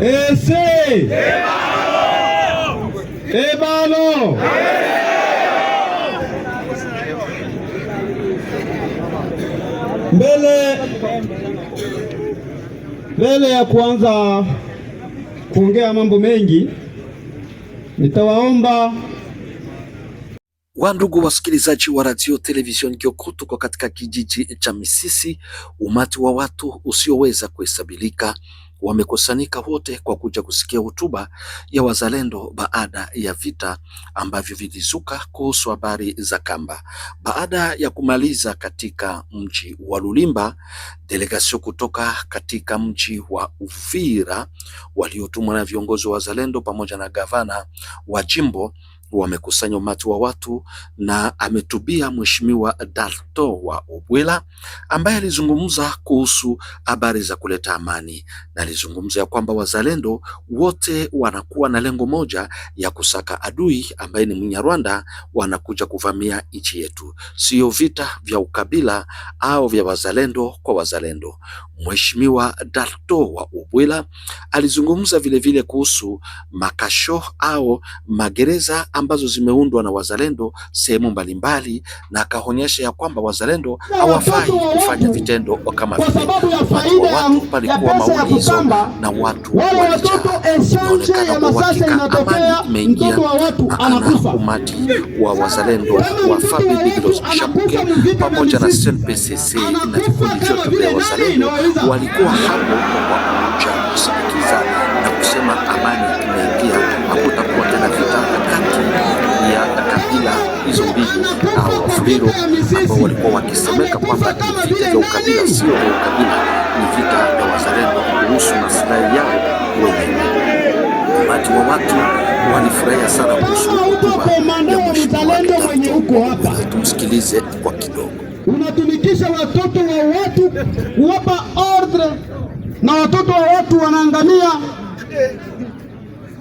ese ebalo mbele mbele ya kuanza kuongea mambo mengi nitawaomba Wandugu wasikilizaji wa radio television Ngyoku, tuko katika kijiji cha Misisi. Umati wa watu usioweza kuhesabilika wamekusanyika wote kwa kuja kusikia hotuba ya wazalendo baada ya vita ambavyo vilizuka kuhusu habari za Kamba. Baada ya kumaliza katika mji wa Lulimba, delegasio kutoka katika mji wa Uvira waliotumwa na viongozi wa wazalendo pamoja na gavana wa jimbo wamekusanya umati wa watu na ametubia Mheshimiwa dalto wa Obwela ambaye alizungumza kuhusu habari za kuleta amani, na alizungumza ya kwamba wazalendo wote wanakuwa na lengo moja ya kusaka adui ambaye ni Mnyarwanda wanakuja kuvamia nchi yetu, siyo vita vya ukabila au vya wazalendo kwa wazalendo. Mheshimiwa dalto wa Obwela alizungumza vilevile vile kuhusu makasho au magereza ambazo zimeundwa na wazalendo sehemu mbalimbali, na akaonyesha ya kwamba wazalendo hawafai kufanya vitendo kama vile watu wa watu palikuwa maulizo na watu walijaa, imeingia ana umati wa wazalendo yaani wa famili Shabuke pamoja na CNPSC na vikundi vyote vya wazalendo walikuwa hapo kwa kuja kusindikiza na kusema amani hizo mbili na Wafuliro ambao walikuwa wakisomeka kwamba ni vita vya ukabila, sio vya ukabila, ni vita ya wazalendo kuhusu maslahi yao wenyewe. Umati wa watu walifurahia sana kuhusu hotuba ya mheshimiwa. Tumsikilize kwa kidogo. Unatumikisha watoto wa watu kuwapa ordre na watoto wa watu wanaangamia.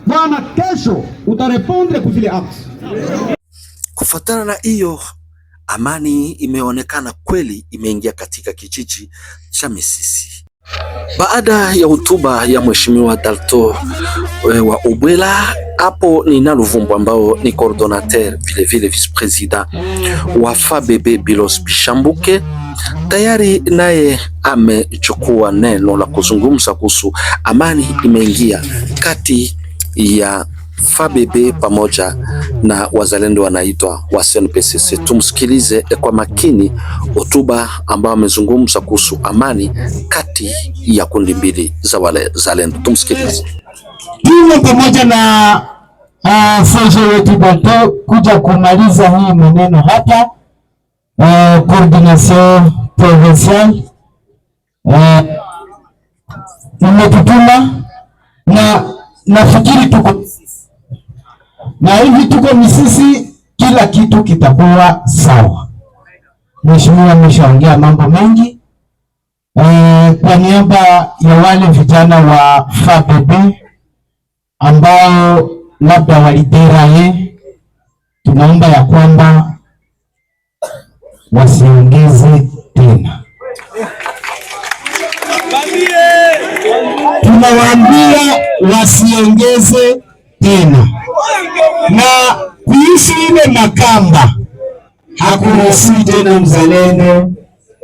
Bwana, kesho utarepondre kuvile aks Kufuatana na hiyo, amani imeonekana kweli imeingia katika kijiji cha Misisi. Baada ya hotuba ya mheshimiwa Dalto eh, wa Ubwela hapo na Luvumbu, ambao ni coordinateur vilevile vice president wa FABB Bilos Bishambuke, tayari naye amechukua neno la kuzungumza kuhusu amani imeingia kati ya Fabebe pamoja na wazalendo wanaitwa wa CNPSC. Tumsikilize kwa makini hotuba ambayo amezungumza kuhusu amani kati ya kundi mbili za wazalendo. Tumsikilize. Tuko pamoja na uh, ah, wetu Bato kuja kumaliza hii maneno hapa uh, coordination provincial uh, ah, imetutuma na nafikiri tuko na hivi tuko misisi kila kitu kitakuwa sawa. Mheshimiwa, ameshaongea mambo mengi e, kwa niaba ya wale vijana wa FABB e ambao labda ye tunaomba ya kwamba wasiongeze tena. Tunawaambia wasiongeze tena na kuishi ile makamba. Hakuna tena mzalendo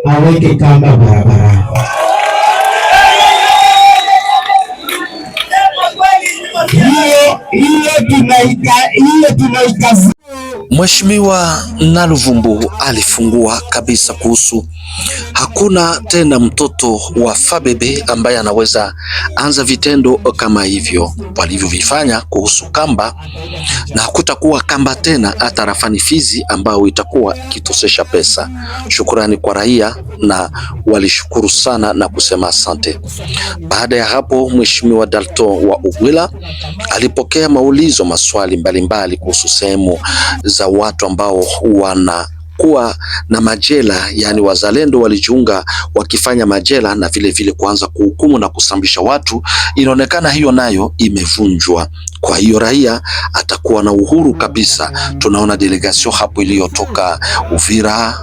aweke kamba barabarani. Hiyo hiyo tunaita hiyo tunaita Mheshimiwa Naluvumbu alifungua kabisa kuhusu hakuna tena mtoto wa Fabebe ambaye anaweza anza vitendo kama hivyo walivyovifanya kuhusu Kamba, na hakutakuwa Kamba tena hata rafani Fizi ambayo itakuwa ikitosesha pesa. Shukurani kwa raia, na walishukuru sana na kusema asante. Baada ya hapo, Mheshimiwa Dalton wa Ugwila alipokea maulizo maswali mbalimbali mbali kuhusu sehemu za za watu ambao wana kuwa na majela yaani, wazalendo walijiunga wakifanya majela na vile vile kuanza kuhukumu na kusambisha watu. Inaonekana hiyo nayo imevunjwa, kwa hiyo raia atakuwa na uhuru kabisa. Tunaona delegasio hapo iliyotoka Uvira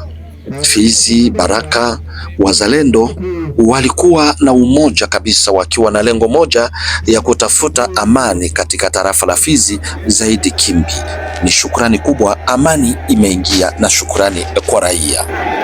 Fizi, Baraka, wazalendo walikuwa na umoja kabisa, wakiwa na lengo moja ya kutafuta amani katika tarafa la Fizi zaidi Kimbi. Ni shukrani kubwa, amani imeingia na shukrani kwa raia.